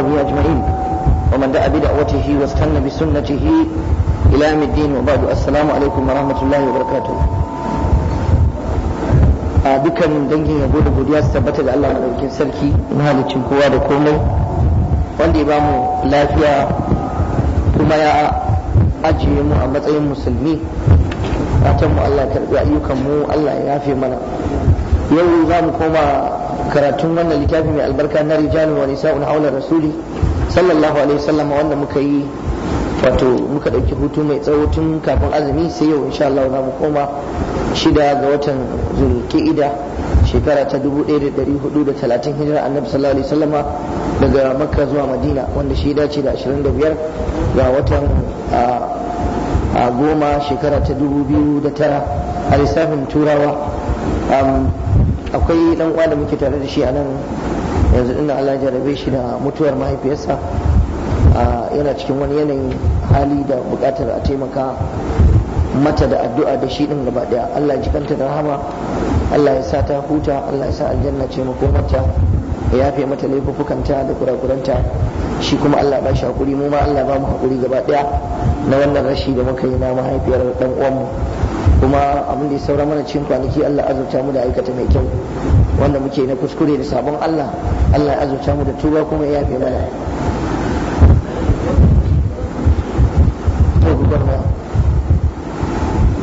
وأصحابه أجمعين ومن دعا بدعوته واستنى بسنته إلى يوم الدين وبعد السلام عليكم ورحمة الله وبركاته a dukkanin dangin yabo da godiya su tabbata da Allah madaukakin sarki mahalicin kowa da komai wanda ya ba mu lafiya kuma ya ajiye mu a matsayin musulmi fatan mu Allah karbi ayyukan mu Allah ya yafe mana yau za mu koma karatun wannan littafi mai albarka na rijalun wani sa'un haula rasuli sallallahu alaihi wasallam wanda muka yi wato muka dauki hutu mai tsawo tun kafin azumi sai yau insha Allah za mu koma shida ga watan zulqa'ida shekara ta 1430 hijira annabi sallallahu alaihi wasallam daga makka zuwa madina wanda shi dace da 25 ga watan a goma shekara ta 2009 a lissafin turawa akwai dan da muke tare da shi a nan yanzu ina Allah ya jarabe shi da mutuwar mahaifiyarsa yana cikin wani yanayin hali da bukatar a taimaka mata da addu'a da shi din gaba daya Allah ya jikanta da rahama Allah ya sa ta huta Allah ya sa aljanna ce mata ya fi mata laifukanta da kurakuranta shi kuma Allah ba shi hakuri mu ma Allah ba mu hakuri gaba daya na wannan rashi da muka yi na mahaifiyar dan uwanmu kuma abin da ya saura mana cikin kwanaki Allah azurta mu da aikata mai kyau wanda muke na kuskure da sabon Allah Allah ya azurta mu da tuba kuma ya yafe mana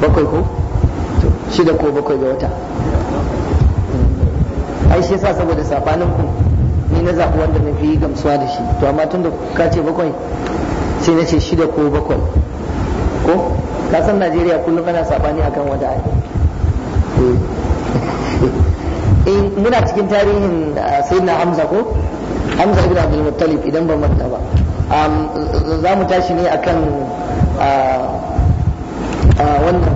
bakwai ko shida ko bakwai ga wata ai shi yasa saboda sabanin ku ni na zaɓi wanda na fi gamsuwa da shi to amma tun da ka ce bakwai sai na ce shida ko bakwai ko ka san Najeriya kullum ana sabani akan wata ayi in eh, eh, muna cikin tarihin ah, sayyidina Hamza ko Hamza ibn Abdul Muttalib idan ban manta ba za mu tashi ne akan ah, ah, wannan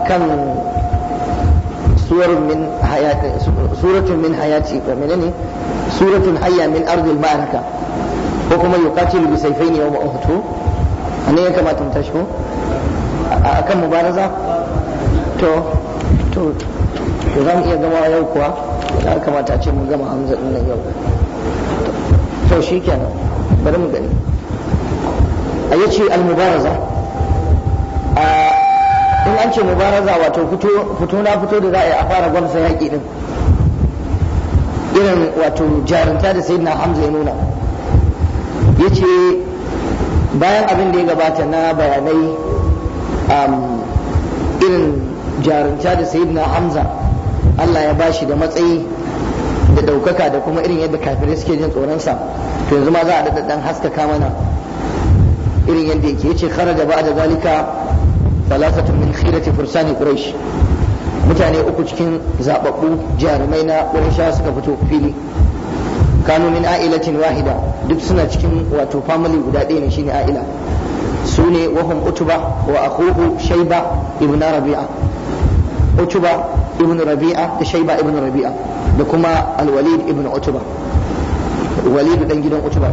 akan suratun min hayati suratun min hayati menene suratun hayya min ardil ma'arika ko kuma yuqatilu bi sayfaini yawma uhud ne ya kamata mu tashi ko akan mubaraza to to to za mu iya gama yau kuwa ya kamata a ce mun gama hamza din nan yau to shi kenan bari mu gani a yace al-mubaraza in an ce mubaraza wato fito na fito da za a yi a fara gwamsa yaƙi din irin wato jarinta da sayyidina hamza ya nuna ya ce bayan abin da ya gabata na bayanai um, irin jarumta da na hamza Allah ya ba shi da matsayi da ɗaukaka da kuma irin yadda kafirai suke jin tsoronsa to yanzu ma za a daɗa ɗan haskaka mana irin yadda yake kara da ba da zalika salasatu min khirati fursani quraish mutane uku cikin zababbu jarumai na quraish suka fito fili kanu min a'ilatin wahida duk suna cikin wato family guda ɗaya ne shine a'ila su ne wahum utuba wa akhuhu shayba ibn rabi'a utuba ibn rabi'a da shayba ibn rabi'a da kuma al-walid ibn utuba walid dan gidan utuba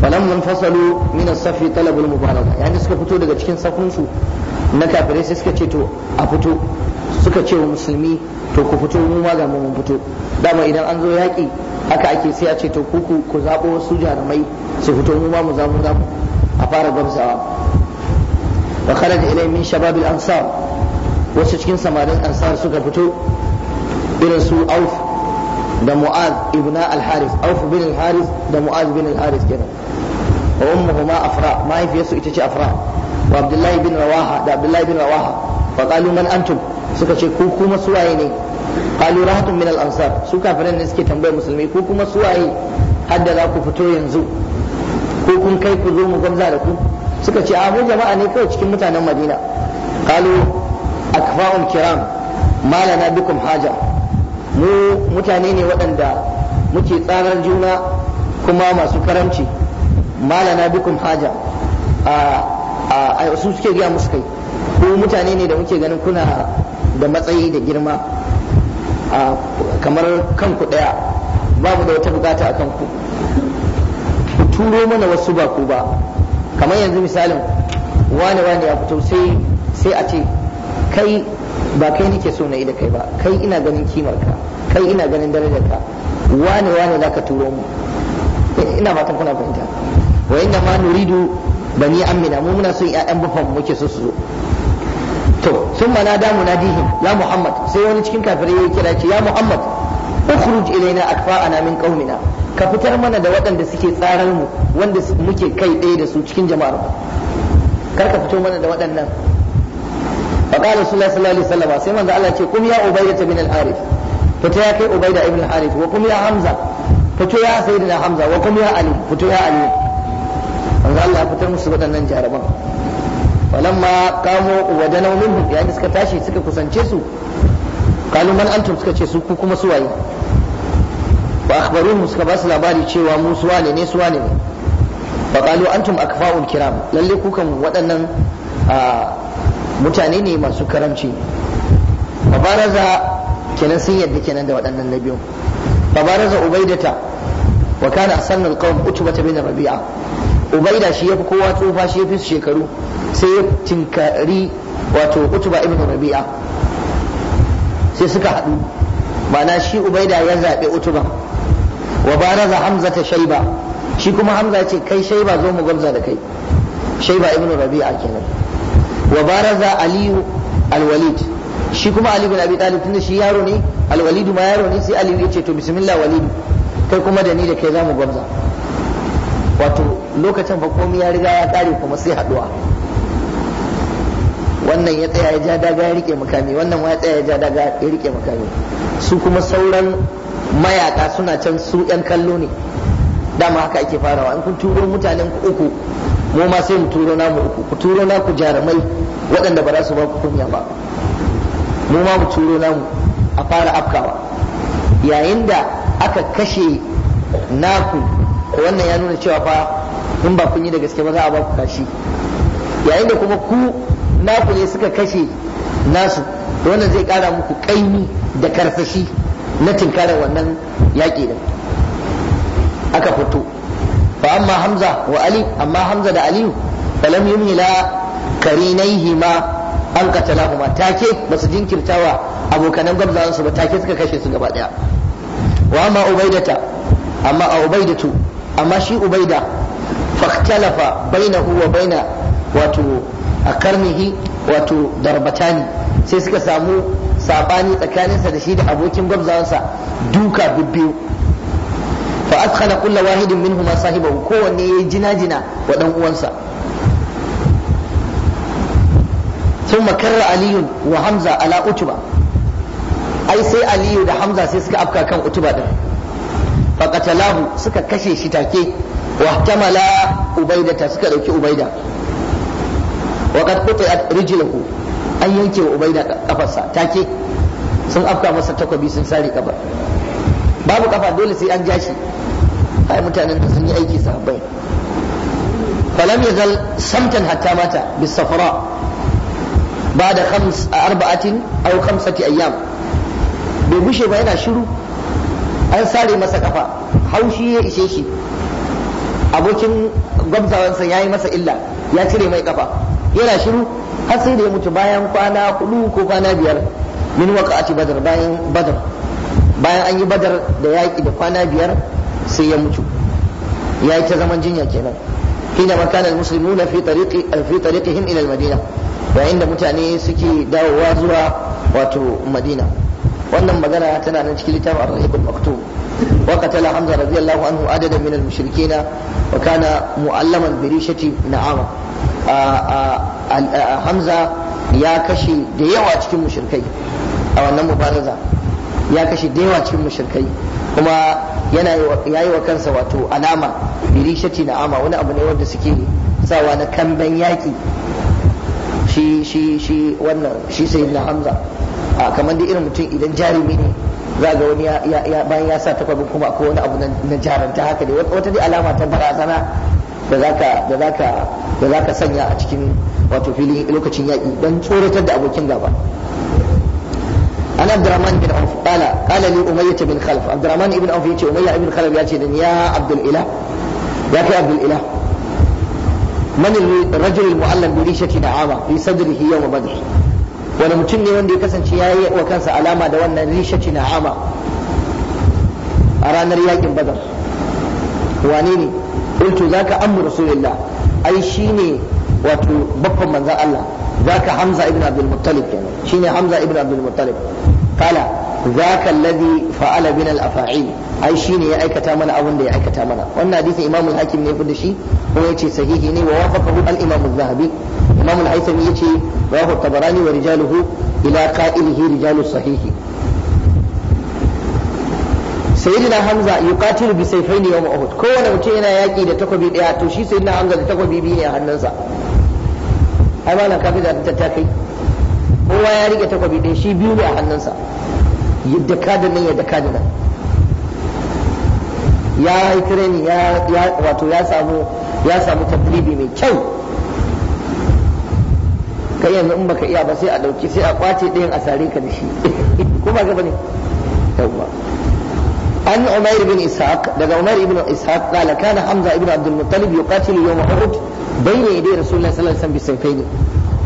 falam munfasalu min as-safi talab al-mubalaga yani suka fito daga cikin safin su na kafirai sai suka ce to a fito suka ce wa musulmi to ku fito mu ma ga mu fito dama idan an zo yaki. haka ake sai a ce to kuku ku zaɓo wasu jarumai su fito mu ma mu zamu zamu a fara gamsawa wa kharaja ilai min shababil ansar wasu cikin samarin ansar suka fito irin su auf da mu'az ibn al-haris auf bin al-haris da mu'az bin al-haris kenan wa ummuhuma afra mahaifiyarsu ita ce afra wa abdullahi bin rawaha da abdullahi bin rawaha fa qalu man antum suka ce ku kuma suwaye ne qalu rahatun min al-ansar su kafiran ne suke tambayar musulmi ko kuma suwaye hadda za ku fito yanzu ko kun kai ku zo mu Gamza da ku suka ce a mu jama'a ne kawai cikin mutanen madina qalu akfa'un kiram malana bikum haja mu mutane ne waɗanda muke tsarar juna kuma masu karamci malana bikum haja a su suke gaya musu kai ko mutane ne da muke ganin kuna da matsayi da girma kamar kanku daya babu da wata bukata a kanku ku turo mana wasu ba ku ba kamar yanzu misalin wane wane ya fito sai a ce kai ba kai nake so na yi da kai ba kai ina ganin kimar ka kai ina ganin darajar ka wane wane za ka turo mu eh, ina fatan kuna fahimta wa inna ma nuridu bani amina mu muna son ƴaƴan bafan muke so su zo to sun mana damu na dihim ya muhammad sai wani cikin kafirai ya kira ce ya muhammad ukhruj ilaina akfa'ana min qaumina ka fitar mana da waɗanda suke tsarar mu wanda muke kai ɗaya da su cikin jama'ar mu kar ka fito mana da waɗannan فقال رسول الله صلى الله عليه وسلم سيما قال الله قم يا عبيدة بن الحارث Ibn يا كي عبيدة بن الحارث وقم يا حمزة فتو Hamza, wa حمزة ya Ali, fito ya Ali. علي قال الله فتو مصيبة waɗannan عربان falamma kamo waje naumin yayin suka tashi suka kusance su kalu man antum suka ce su ku kuma su suwaye fa akhbaruhum suka ba su labari cewa mu wane ne su wane ne fa kalu antum akfa'ul kiram lalle kukan waɗannan mutane ne masu karamci Babaraza kenan sun yadda kenan da waɗannan na biyu fabaraza ubaidata wa kana sannan qawm utbata bin rabi'a ubaida shi ya fi kowa tsufa shi ya fi shekaru sai ya tinkari wato utuba ibn rabi'a sai suka haɗu ma'ana shi ubaida ya zaɓi utuba wa baraza hamza ta shaiba shi kuma hamza ce kai shaiba zo mu gwamza da kai shaiba ibn rabi'a kenan wa baraza aliyu alwalid shi kuma ali bin abi talib tunda shi yaro ne alwalidu ma yaro ne sai ali ya ce to bismillah walidu kai kuma da ni da kai zamu gwamza wato lokacin ba komai ya riga ya kare kuma sai haduwa wannan ya tsaya ya ja daga ya rike makami wannan ya tsaya ya ja daga ya rike makami su kuma sauran mayaka suna can su yan kallo ne dama haka ake farawa in kun turo mutanen ku uku mu ma sai mu turo namu uku ku turo na ku jarumai waɗanda ba za su ba ku kunya ba mu ma mu turo namu a fara afkawa yayin da aka kashe naku ko wannan ya nuna cewa fa in ba kun yi da gaske ba za a ba ku kashi yayin da kuma ku naku ne suka kashe nasu wannan zai kara muku kaimi da karfashi na tinkarar wannan yaƙi din aka fito fa amma hamza wa ali amma hamza da aliyu falam yumhila karinaihima an qatalahuma take basu jinkirtawa abokanan gwamnatin su ba take suka kashe su gaba daya wa amma ubaidata amma a ubaidatu amma shi ubaida faktalafa bainahu wa baina wato a karnihi wato darbatani sai suka samu sabani tsakaninsa da shi da abokin gwabzawansa duka bibbiyu fa adkhala kullu wahidin minhuma sahibahu kowanne yayi jina-jina wa dan uwansa Aliyu wa Hamza ala utuba, ai sai Aliyu da Hamza sai suka afka kan utuba din faqatalahu suka kashe shi take wahtamala ubaidata suka dauki ubaida wa qad qutiat rijluhu an yanke wa ubaida kafarsa take sun afka masa takobi sun sare kafar babu kafa dole sai an jashi ai mutanen da sun yi aiki sahabbai falam yazal samtan hatta mata bis safara da khams arba'atin aw khamsati ayyam bai bushe ba yana shiru an sare masa kafa haushi ya ishe shi abokin gwamzawansa ya yi masa illa ya cire mai kafa yana shiru har sai da ya mutu bayan kwana hudu ko kwana biyar min waqa'ati badar bayan badar bayan an yi badar da yaƙi da kwana biyar sai ya mutu ya yi ta zaman jinya kenan hina ma musulmi na fi tariqi hin tariqihim ila yayin da mutane suke dawowa zuwa wato madina wannan magana tana nan cikin littafin ar-rahib al-maktub wa qatala hamza radiyallahu anhu adada min al-mushrikeena wa kana mu'allaman bi rishati na'ama hamza ya kashe da yawa cikin mushrikai a wannan mubaraza ya kashe da yawa cikin mushrikai kuma yana yayi wa kansa wato alama bi rishati na'ama wani abu ne wanda suke sawa na kamban yaki shi shi shi wannan shi sayyidina hamza kamar da irin mutum idan jarumi ne za ga wani bayan ya sa takwabin kuma akwai wani abu na jaranta haka ne wata dai alama ta barazana da za ka sanya a cikin wato filin lokacin yaƙi don tsoratar da abokin gaba an abdurrahman bin auf qala qala li umayyah bin khalaf abdurrahman ibn auf yace umayyah ibn khalaf yace dan ya abdul ilah ya kai abdul ilah man al rajul al mu'allam bi rishati na'ama fi sadrihi wani mutum ne wanda ya kasance ya yi wa kansa alama da wannan rishaci na ama a ranar yakin badar wane ne ultu za ka amur rasulillah ai shi ne wato babban manzan Allah za ka hamza ibn abdul muttalib kenan shi ne hamza ibn abdul muttalib kala zaka alladhi fa'ala bina a afail ai shine ya aikata mana abin da ya aikata mana wannan hadisin imam al-hakim ne fada shi ko yace sahihi ne wa wafaqahu al-imam az-zahabi imam al-haythami yace rawahu tabarani wa rijaluhu ila qa'ilihi rijalu sahihi sayyidina hamza yuqatilu bi sayfaini yawm uhud kowane mutum yana yaki da takobi daya to shi da takobi hannunsa ai malam kafi ta kowa ya rike takobi ɗin shi biyu ne a hannunsa yadda ka da nan yadda ka da nan ya yi training ya wato ya samu ya samu tadribi mai kyau kai yanzu in baka iya ba sai a dauki sai a kwace ɗin a sare ka da shi ko ba gaba ne yawa an umair bin ishaq daga umair ibn ishaq qala kana hamza ibn abdul muttalib yuqatilu yawm uhud bayna yaday rasulullah sallallahu alaihi wasallam bisayfaini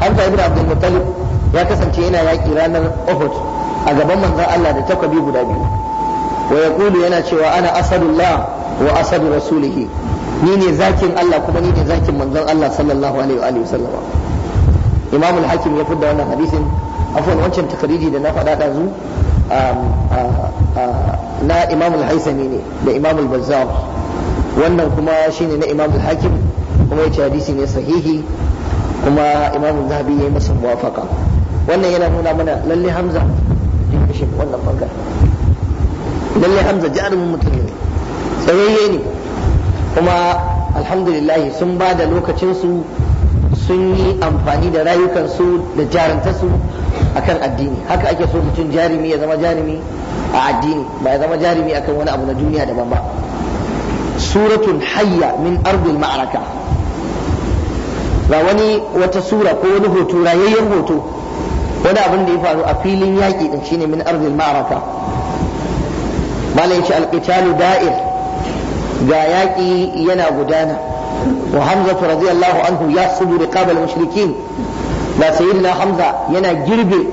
hamza ibn abdul muttalib ya kasance yana yaƙi ranar Uhud a gaban manzon Allah da takwabi guda biyu wa yaqulu yana cewa ana asadullah wa asadu rasulihi ni ne zakin Allah kuma ni ne zakin manzon Allah sallallahu alaihi wa alihi sallama Imam al-Hakim ya fidda wannan hadisin afwan wancan takariri da na faɗa ɗazu um, uh, uh, na Imam al-Haisami ne da Imam al-Bazzar wannan kuma shine na Imam al-Hakim kuma yace hadisi ne sahihi kuma Imam al-Zahabi ya yi masa muwafaqa wannan yana nuna mana lalle hamza ya kashe wannan lalle hamza jarumin mutum ne tsayayye ne kuma alhamdulillah sun ba da lokacinsu sun yi amfani da rayukansu da jarantarsu akan addini haka ake so mutum jarumi ya zama jarumi a addini ba ya zama jarumi akan wani abu na duniya daban ba suratun hayya min ardil ma'araka ba wani wata sura ko wani hoto rayayyen hoto wani abin da ya faru a filin yaƙi ɗin shine min arzil ma'arafa malai shi alƙitalu da'ir ga yaƙi yana gudana wa hamza radiyallahu anhu ya sudu riqab al-mushrikin Ba sayyidina hamza yana girbe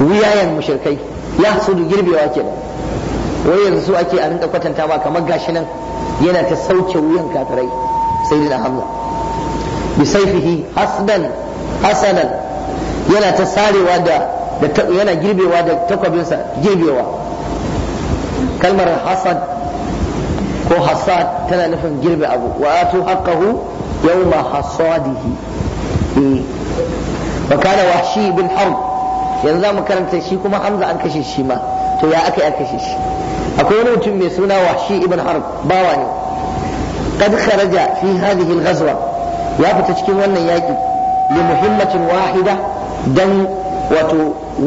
wuyayen mushrikai ya sudu girbewa ke. wai yanzu su ake a rinka kwatanta ba kamar gashi nan yana ta sauke wuyan kafirai sayyidina hamza bi sayfihi hasdan hasanan yana ta sarewa da yana girbewa da takwabinsa girbewa kalmar hasad ko hasad tana nufin girbe abu wa atu haqqahu yawma hasadihi eh. wa kana wahshi bin harb yanzu mu karanta shi kuma hamza an kashe shi ma to ya aka kashe shi akwai wani mutum mai suna wahshi ibn harb bawa ne قد خرج في هذه الغزوة cikin wannan وانا ياجي لمهمة واحدة dan wato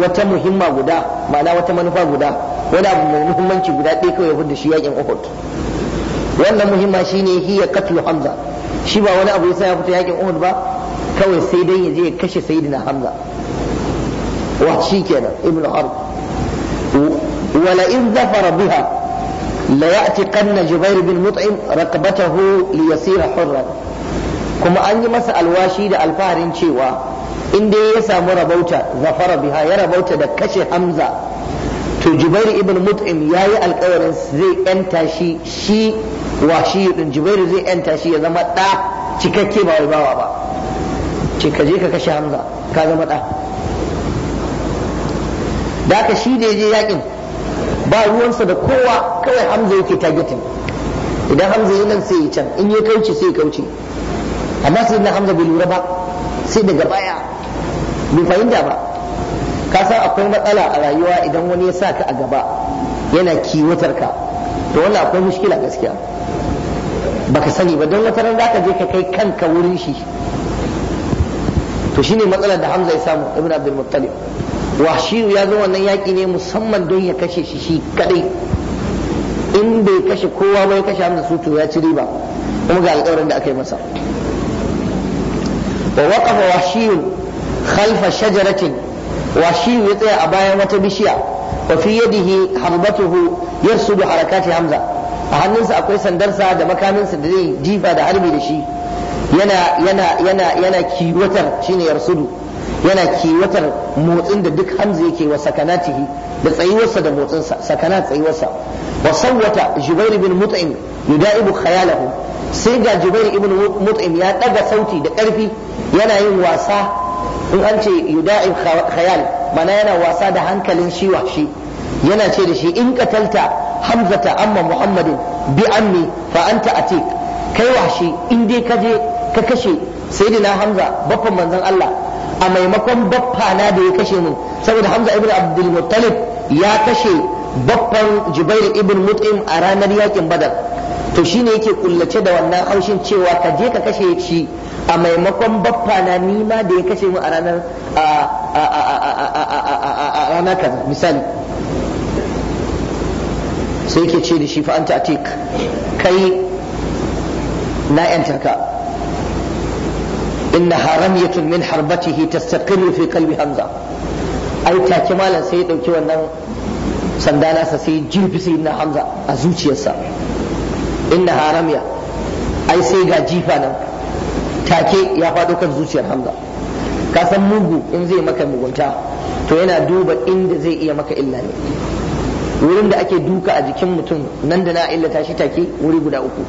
wata muhimma guda ma'ana wata manufa guda wani abu mai muhimmanci guda ɗaya kawai ya da shi yakin Uhud wannan muhimma shine hiya katlu Hamza shi ba wani abu yasa ya fita yakin Uhud ba kawai sai dai ya je ya kashe saidina Hamza wa shi kenan ibn Harb wala in zafara biha la ya'tiqanna Jubair bin Mut'im raqabatahu li yasira hurran kuma an yi masa alwashi da alfaharin cewa in dai ya samu rabauta zafara biha ya rabauta da kashe hamza to Jibairu ibn mut'im ya yi alkawarin zai yanta shi shi wa shi din Jibairu zai yanta shi ya zama ɗa cikakke ba wai ba ce ka je ka kashe hamza ka zama ɗa da ka shi da ya je yakin ba ruwansa da kowa kawai hamza yake targeting idan hamza yi nan sai ya can in ya kauce sai ya kauce amma sai na hamza bai lura ba sai daga baya bai fahimta ba ka san akwai matsala a rayuwa idan wani ya sa ka a gaba yana kiwatar ka to wannan akwai mushkila gaskiya baka sani ba don wata randa ka je ka kai kanka wurin shi to shine matsalar da Hamza ya samu Ibn Abdul Muttalib Wahshiyu ya zo wannan yaki ne musamman don ya kashe shi shi kadai in bai kashe kowa bai kashe Hamza su to ya ci riba kuma ga alƙawarin da aka yi masa wa waqafa Wahshiyu khalfa shajaratin washi ya tsaya a bayan wata bishiya wa fi yadihi harbatuhu yarsudu harakati hamza a hannunsa akwai sandarsa da makaminsa da zai jifa da harbi da shi yana yana yana yana kiwatar shine yarsudu yana kiwatar motsin da duk hamza yake wa sakanatihi da tsayuwarsa da motsinsa sakana tsayuwarsa wa sawwata jubair ibn mut'im yudaibu khayalahu sai ga jubair ibn mut'im ya daga sauti da karfi yana yin wasa in an ce yuda'i khayal mana yana wasa da hankalin shi shi yana ce da shi in katalta hamzata amma muhammadin bi anni fa anta atik kai washi in dai ka je ka kashe sayyidina hamza baffan manzon Allah a maimakon baffa na da ya kashe mu saboda hamza ibnu abdul muttalib ya kashe baffan jubair ibn mut'im a ranar yakin badar to shine yake kullace da wannan haushin cewa ka je ka kashe shi a maimakon baffa na nima da ya kashe mu a ranar a ranar kaza misali sai ke ce da shi fa anta atik kai na yanta ka inna haramiyatun min harbatihi tastaqirru fi qalbi hamza ai take malam sai ya dauki wannan sanda nasa sai jirfi sai inna hamza a zuciyarsa inna haramiya ai sai ga jifa nan take ya faɗo kan zuciyar hamza ka san mugu in zai maka mugunta to yana duba inda zai iya maka illa ne wurin da ake duka a jikin mutum nan da na illata shi take wuri guda uku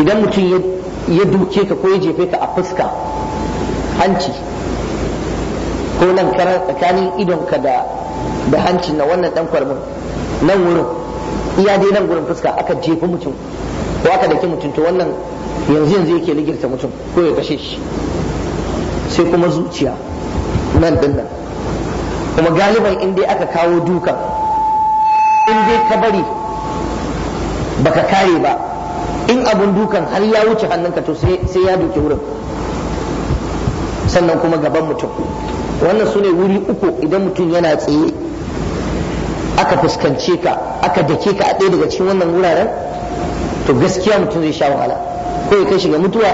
idan mutum ya duke ka ko ya jefe ka a fuska hanci ko nan tsakanin idonka da da hancin na wannan dan kwarmin nan wurin iya dai nan wurin fuska aka jefi mutum ko aka dake mutum to wannan yanzu yanzu yake ligirta mutum ko ya kashe shi sai kuma zuciya nan din nan kuma galiban in dai aka kawo dukan in dai ka bari baka kare ba in abun dukan har ya wuce hannunka to sai ya duke wurin sannan kuma gaban mutum wannan su ne wuri uku idan mutum yana tsaye aka fuskance ka aka dake ka a ɗaya daga cikin wannan wuraren to gaskiya mutum zai sha wahala ko ya kai shi ga mutuwa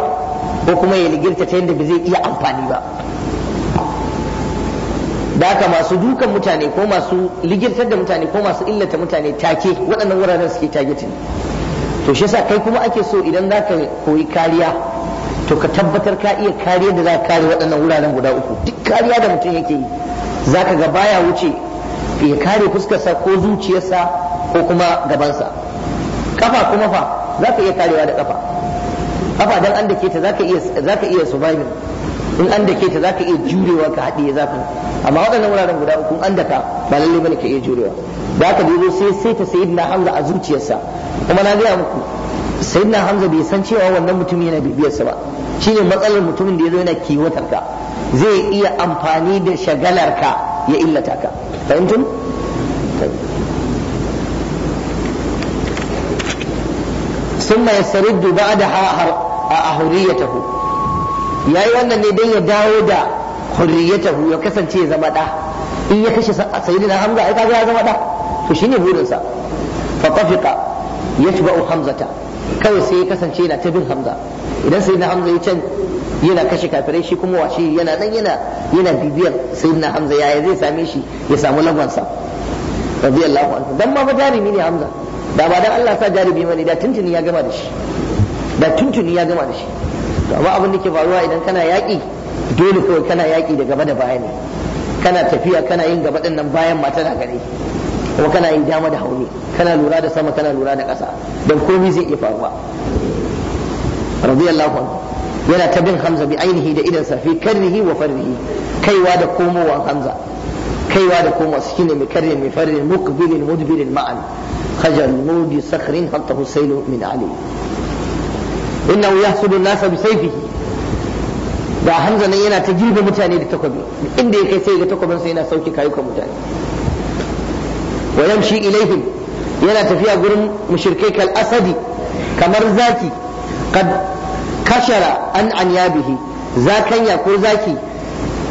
ko kuma ya ligirta ta yadda ba zai iya amfani ba da haka masu dukan mutane ko masu ligirtar da mutane ko masu illata mutane take waɗannan wuraren suke targeting to shi yasa kai kuma ake so idan za ka koyi kariya to ka tabbatar ka iya kariya da za ka kare waɗannan wuraren guda uku duk kariya da mutum yake yi za ka ga baya wuce ya kare fuskarsa ko zuciyarsa ko kuma gabansa kafa kuma fa za ka iya karewa da kafa kafa dan an dake ta za ka iya za ka iya surviving in an dake ta za ka iya jurewa ka haɗiye zafin amma waɗannan wuraren guda uku an daka ba lalle bane ka iya jurewa da aka dubo sai sai ta sayyidina Hamza a zuciyarsa kuma na gaya muku sayyidina Hamza bai san cewa wannan mutum yana bibiyarsa ba shine matsalar mutumin da ya zo yana kiwatar ka zai iya amfani da shagalar ka ya illata ka fahimtum summa yasriddu ba'daha hurriyatahu yayi wannan ne dan ya dawo da hurriyatahu ya kasance ya zama da in ya kashe sayyidina hamza ai kaga ya zama da to shine burinsa fa tafiqa yatba'u hamzata kawai sai ya kasance yana ta bin hamza idan sayyidina hamza ya can yana kashe kafirai shi kuma yana nan yana yana sayyidina hamza yaya zai same shi ya samu lagwansa radiyallahu anhu dan ne hamza da ba dan Allah sa jarumi bane da tuntuni ya gama da shi da tuntuni ya gama da shi to amma abin da ke faruwa idan kana yaƙi dole kawai kana yaƙi da gaba da baya ne kana tafiya kana yin gaba din nan bayan ma tana gare kuma kana yin dama da hauni kana lura da sama kana lura da ƙasa dan komai zai iya faruwa radiyallahu anhu yana ta bin hamza bi ainihi da idan safi karrihi wa farrihi kaiwa da komowan hamza kaiwa da komowa su ne mai karrin mai farrin mukbilin mudbilin ma'an خجلوا بصخر خلطه السيل من علي إنه يحسد الناس بسيفه da hamza nan yana ta girbe mutane da takobi inda ya kai sai ga takobin sai yana sauki kayukan mutane wa yamshi ilaihim yana tafiya gurin mushrikai kal asadi kamar zaki kad kashara an anyabihi zakanya ko zaki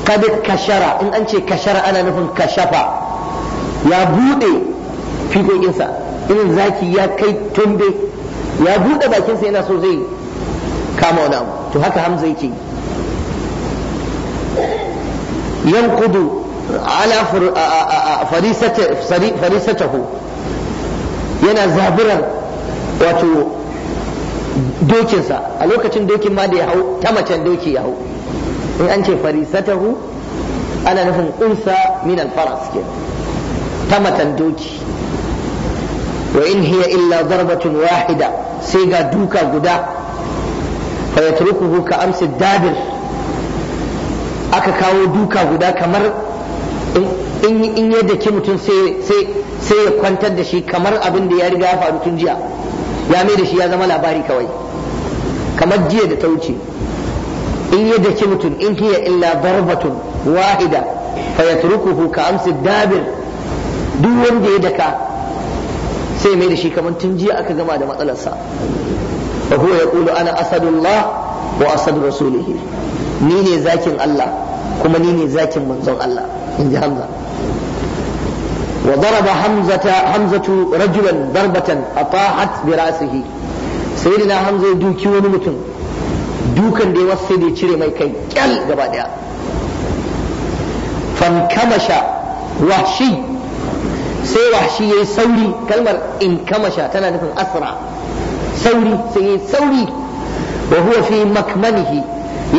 kad kashara in an ce kashara ana nufin kashafa ya bude fikokinsa. irin zaki ya kai tumbe ya buɗe bakinsa yana so zai kama wani abu to haka hamza yake kudu ala farisatahu yana zaburan wato dokinsa a lokacin dokin ma da ya hau ta macen doki ya hau in an ce farisatahu ana nufin unsa minan faras ke ta macen doki wa in hiya illa darbatun wahida sai ga duka guda fa ka amsi dabir aka kawo duka guda kamar in ya daki mutum sai ya kwantar da shi kamar abin da ya riga ya faru tun jiya ya mai da shi ya zama labari kawai kamar jiya da ta wuce in ya daki mutum in hiya illa wahida ka dabir duk wanda ya daka sai mai da shi kamar tun jiya aka gama da matsalarsa wa huwa yaqulu ana asadullah wa asad rasulihi ni ne zakin Allah kuma ni ne zakin manzon Allah in ji Hamza wa daraba hamzata hamzatu rajulan darbatan atahat bi ra'sihi sayyidina Hamza ya duki wani mutum dukan da ya wasu sai da ya cire mai kai kyal gaba daya fankamasha wahshi sai wahshi yayi sauri kalmar in kamasha tana nufin asra sauri sai yayi sauri wa huwa fi makmanihi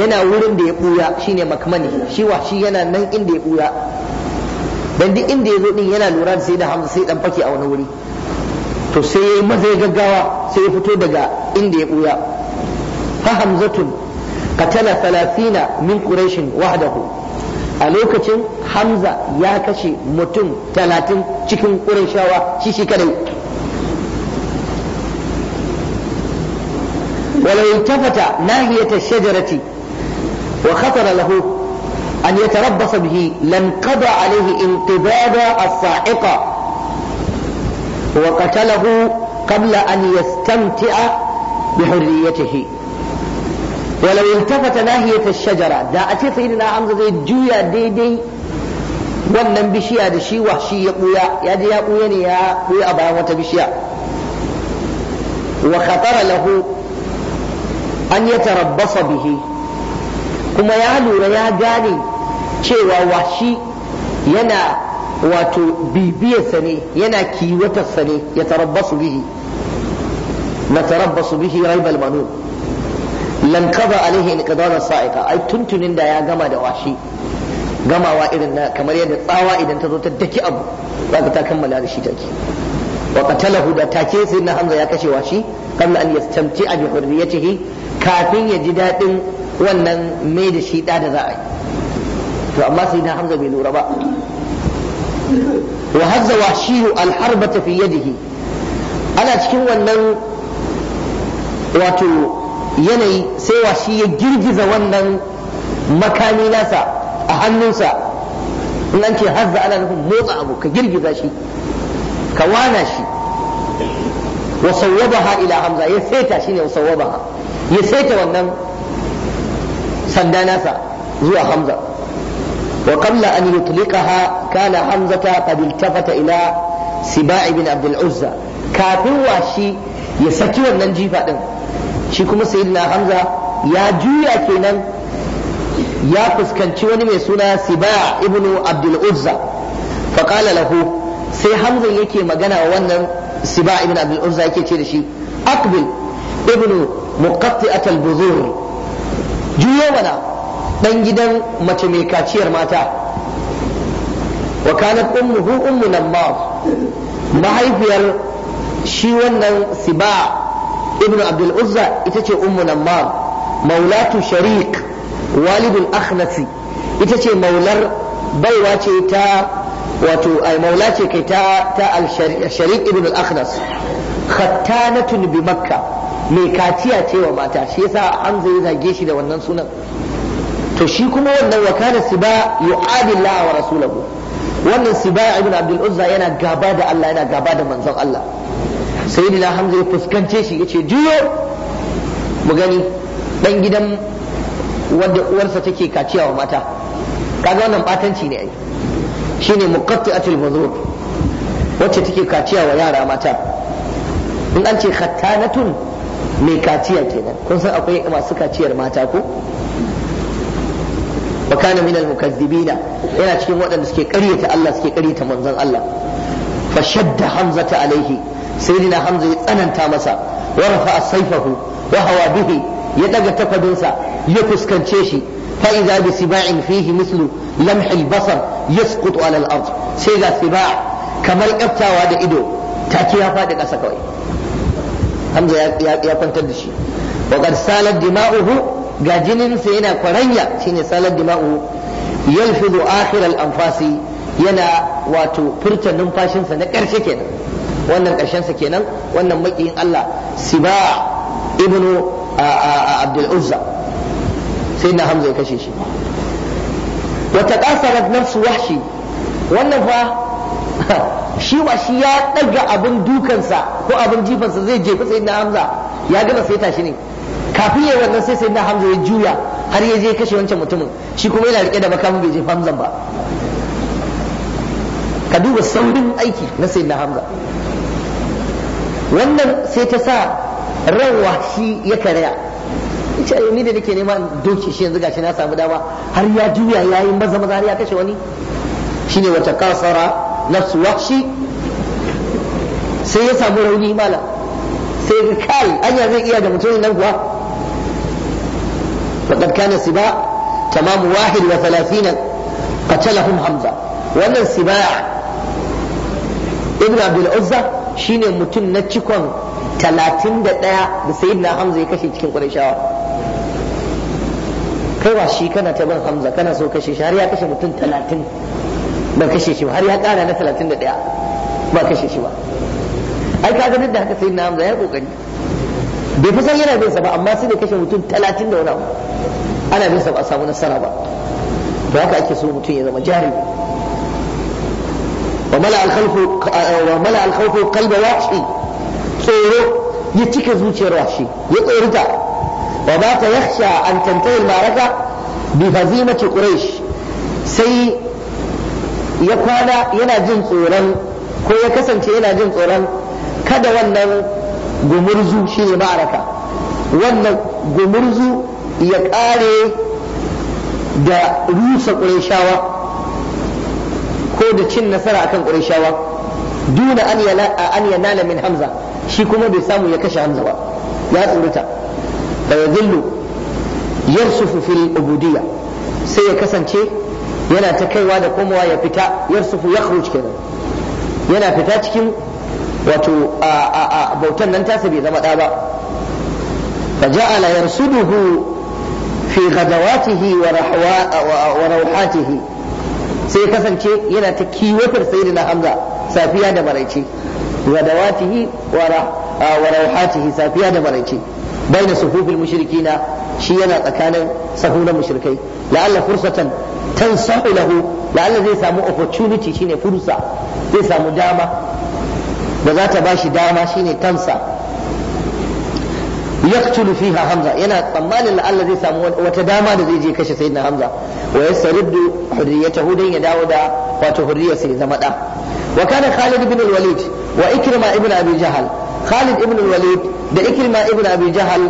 yana wurin da ya buya shine makmanihi shi wahshi yana nan inda ya buya dan duk inda ya zo din yana lura da sai da hamza sai dan fake a wani wuri to sai yayi maza ya gaggawa sai ya fito daga inda ya buya fa hamzatun qatala 30 min quraishin wahdahu a lokacin hamza ya kashe mutum talatin cikin ƙurin shawa shi shi kadai walau tafata nahiyata shajarati wa khatara lahu an ya tarabbasa bihi lam qada alayhi intibada as-sa'iqa wa qatalahu qabla an yastamti'a bi hurriyatihi walau iltafata nahiyat ash-shajara da a ce sayyidina hamza zai juya daidai wannan bishiya da shi wahshi ya buya ya ya buya ne ya buya a bayan wata bishiya wa khatara lahu an tarabbasa bihi kuma ya lura ya gane cewa wahshi yana wato bibiyarsa ne yana kiwatarsa ne ya tarabbasu bihi na tarabbasu bihi raibal lankaba alaihi inqidana sa'ika ai tuntunin da ya gama da washi gamawa irin na kamar yadda tsawa idan ta zo ta daki abu zaka ta kammala da shi take wa qatalahu da take sai na hamza ya kashe washi qabla an yastamti'a bi hurriyatihi kafin ya ji dadin wannan mai da shi da da za a yi to amma sai na hamza bai lura ba wa hazza washihu alharbata fi yadihi ana cikin wannan wato yanayi sai wa shi ya girgiza wannan makami nasa a hannunsa in an ce hazza ana nufin motsa abu ka girgiza shi ka wana shi wa sawwabaha ila hamza ya saita ne wa sawwabaha ya saita wannan sanda nasa zuwa hamza wa qabla an yutliqaha kana hamzata qad iltafata ila siba'i bin abdul uzza kafin washi ya saki wannan jifa din shi kuma sayyidina hamza ya juya kenan ya fuskanci wani mai suna siba ibnu abdul uzza faqala lahu sai hamza yake magana wa wannan Siba'a ibnu abdul uzza yake ce da shi aqbil ibnu muqatti'at al-buzur juya mana dan gidan mace mai kaciyar mata wa kanat ummuhu ummu lammar mahaifiyar shi wannan siba ibnu abdul uzza ita ce ummu nammar maulatu sharik walidul akhnasi ita ce maular baiwa ce ta wato ai maula ce kai ta ta al-sharik ibn al-akhnas khattanatun bi makka mai kaciya ce wa mata shi yasa hamza ya zage shi da wannan sunan to shi kuma wannan wakala siba yu'adi Allah wa rasulahu wannan siba ibn abdul uzza yana gaba da Allah yana gaba da manzon Allah sayyidina hamza ya fuskance shi yace juyo mu gani dan gidan wadda uwarsa take kaciya wa mata kaga wannan batanci ne ai shine muqatti'atul huzur wacce take kaciya wa yara mata in an ce khattanatun mai kaciya kenan kun san akwai masu kaciyar mata ko wa kana al-mukazzibina yana cikin waɗanda suke ƙaryata Allah suke ƙaryata manzon Allah fa Hamza ta alaihi sayyidina hamza ya tsananta masa wa rafa'a sayfahu wa hawa bihi ya daga takwadinsa ya fuskance shi fa idza bi siba'in fihi mislu lamh al-basar yasqutu a al-ard sai ga siba' kamar kyaftawa da ido take ya faɗi ƙasa kawai hamza ya kwantar da shi wa qad salat dima'uhu ga jinin sa yana kwaranya shine salat dima'uhu yalfizu akhir al yana wato furta numfashinsa na ƙarshe kenan wannan karshen sa kenan wannan makiyin Allah siba ibn abdul uzza sai na hamza ya kashe shi wa taqasarat nafsu wahshi wannan fa shi wa shi ya daga abin dukansa ko abin jifansa zai jefi sai na hamza ya gama sai tashi ne kafin yayi wannan sai sai na hamza ya juya har ya je kashe wancan mutumin shi kuma yana rike da makamin bai je Hamza ba ka duba saurin aiki na sai na hamza wannan sai ta sa ran washi ya karaya ce a ni da nake nema doki shi yanzu gashi na samu dama har ya juya ya maza maza ya kashe wani shine wata kasara nafsu wahshi sai ya samu rauni mala sai ga kai anya zai iya da mutumin nan kuwa faqad kana siba tamam wahid wa thalathina qatalahum hamza wannan siba ibn abdul uzza shine mutum na cikon talatin da ɗaya da sayidina hamza ya kashe cikin ƙurashawa kai wa shi kana ta bin hamza kana so kashe shi har ya kashe mutum talatin ba kashe shi ba har ya ƙara na talatin da ɗaya ba kashe shi ba ai ka duk da haka sayidina hamza ya kokari bai fi san yana bin sa ba amma sai da kashe mutum talatin da wani abu ana bin sa ba a samu nasara ba to haka ake so mutum ya zama jarumi wa mala alkhawfu qalba wahshi tsoro ya cika zuciyar wahshi ya tsorata wa ba ta yakhsha an tantahi al-ma'araka bi hazimati sai ya kwana yana jin tsoron ko ya kasance yana jin tsoron kada wannan gumurzu shi ne ma'araka wannan gumurzu ya ƙare da rusa ƙureshawa ko da cin nasara akan qurayshawa duna an yana an yanala min hamza shi kuma bai samu ya kashe hamza ba ya tsorata da yadillu yarsufu fil ubudiyya sai ya kasance yana ta kaiwa da komowa ya fita yarsufu ya khruj kenan yana fita cikin wato a bautan nan tasa bai zama ɗa ba fa ja'ala yarsuduhu fi ghadawatihi wa sai ya kasance yana ta kiwatar sayyidina hamza safiya da maraice wa dawatihi wa rawhatihi safiya da maraice baina suhufil mushrikina shi yana tsakanin sahuna na mushrikai la'alla fursatan tansahu lahu la'alla zai samu opportunity shine fursa zai samu dama da za ta bashi dama shine tansa yaqtulu fiha hamza yana tsammanin la'alla zai samu wata dama da zai je kashe sayyidina hamza wa huriya hurriyatahu dan ya dawo da wato hurriyar sai zama da wa kana khalid ibn al-walid wa ikrima ibn jahal khalid ibn al-walid da ikrima ibn jahal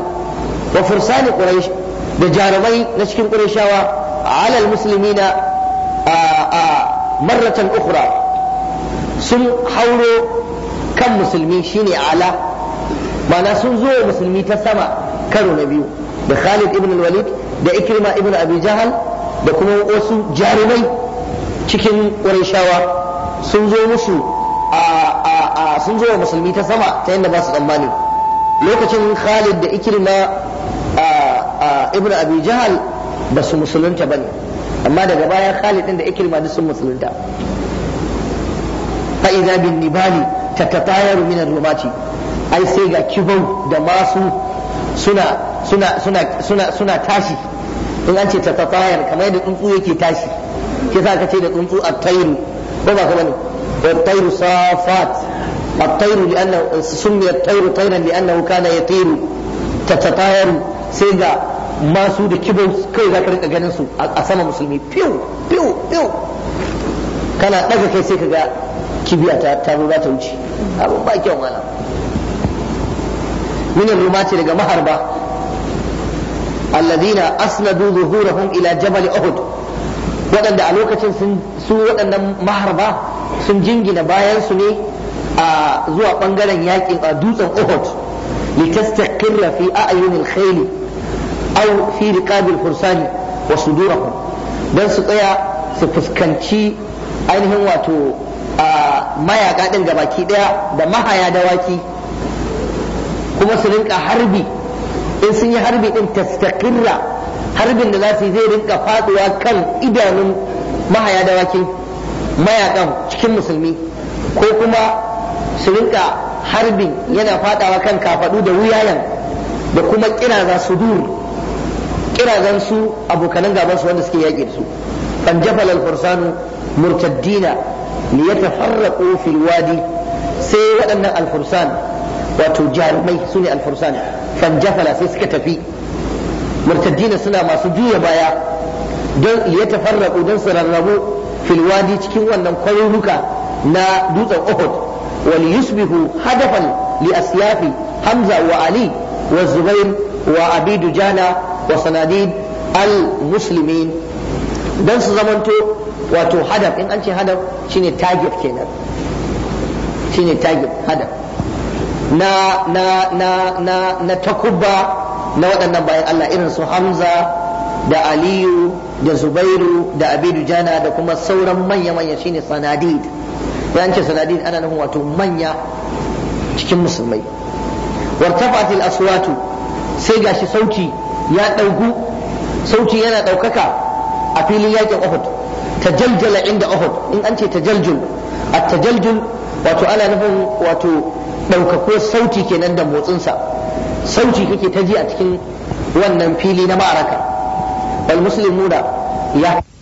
wa fursani quraish da jarumai na cikin qurayshawa ala al-muslimina a marratan ukhra sun hauro kan musulmi shine ala ma'ana sun zo wa musulmi ta sama karo na biyu da Khalid ibn Walid da Ikrima ibn Abi Jahal da kuma wasu jarumai cikin Qurayshawa sun zo musu a sun zo wa musulmi ta sama ta yadda ba su tsammani lokacin Khalid da Ikrima ibn Abi Jahal ba su musulunta ne amma daga baya Khalid din da Ikrima duk sun musulunta fa idza bin nibali tatatayaru min rumati ai sai ga kibau da masu suna tashi in an ce tatatayar kamar yadda tsuntsu yake tashi ke sa ka ce da tsuntsu a tayru ko ba ka bane da tayru safat a tayru li anna sunni ya tayru an na anna na ya tayru tatatayar sai ga masu da kibau kai za ka rika ganin su a sama musulmi piu piu piu kana ɗaga kai sai ka ga kibiya ta ta ruwa ta wuce abun ba kyau malam min rumati daga maharba alladhina asnadu zuhurahum ila jabal uhud waɗanda a lokacin sun su waɗannan maharba sun jingina bayansu ne a zuwa ɓangaren yaƙin a dutsen uhud litastaqirra fi a'yunil khayli aw fi riqabil fursani wa sudurahum dan su tsaya su fuskanci ainihin wato a ɗin din gabaki ɗaya, da mahaya dawaki kuma su rinka harbi in sun yi harbi din tastaqirra harbin da za su yi zai rinka faduwa kan idanun mahaya da wake, mayakan cikin musulmi ko kuma su rinka harbin yana fadawa kan kafadu da wuyayen da kuma kiraza sudur kirazan su abokanan gaban su wanda suke yaƙi su فانجفل murtaddina مرتدين ليتفرقوا في wadi, sai waɗannan alfursan wato jarumai su ne alfursan fanjafala sai suka tafi murtaddina suna masu juya baya don ya tafarraku don su rarrabu filwadi cikin wannan kwaruruka na dutsen uhud wal yusbihu hadafan li asyafi hamza wa ali wa zubair wa abidu jana wa sanadid al muslimin don su zamanto wato hadaf in an ce hadaf shine target kenan shine target hadaf na na na na na takubba na waɗannan bayan Allah irin su Hamza da Aliyu da Zubairu da Abidu Jana da kuma sauran manya-manya shine sanadid yan ce sanadid ana nufin wato manya cikin musulmai al aswatu sai gashi sauti ya ɗauku sauti yana ɗaukaka a filin yakin Uhud tajaljala inda Uhud in an ce tajaljul at tajaljul wato ana nufin wato ɗaukako sauti kenan da motsinsa sauti kake ta ji a cikin wannan fili na ma'araka wal muslimuna ya